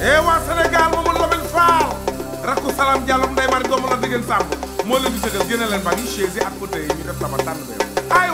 eh waa Sénégal Mamadou Lamine Fall rakku Salam Diallo Ndeye Marie Gomes la dégg ngeen Samb di tëgal génne leen ba ngi chaise yi ak ñu def la ba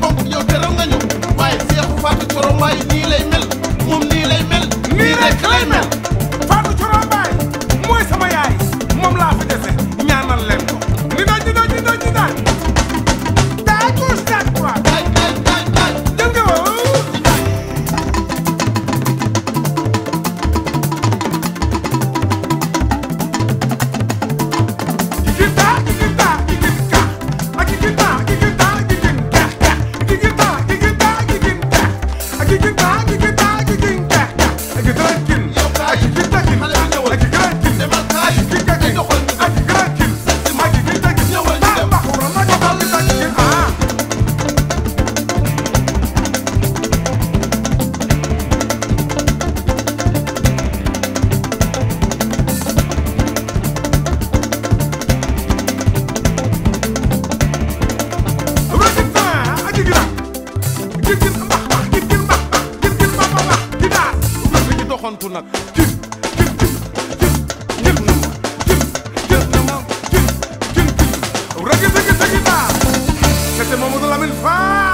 bokk yow te raw nga ñu waaye Seexu Faatu Coro waaye nii lay mel moom nii lay mel nii rek lay mel que, que, te reggae, que, que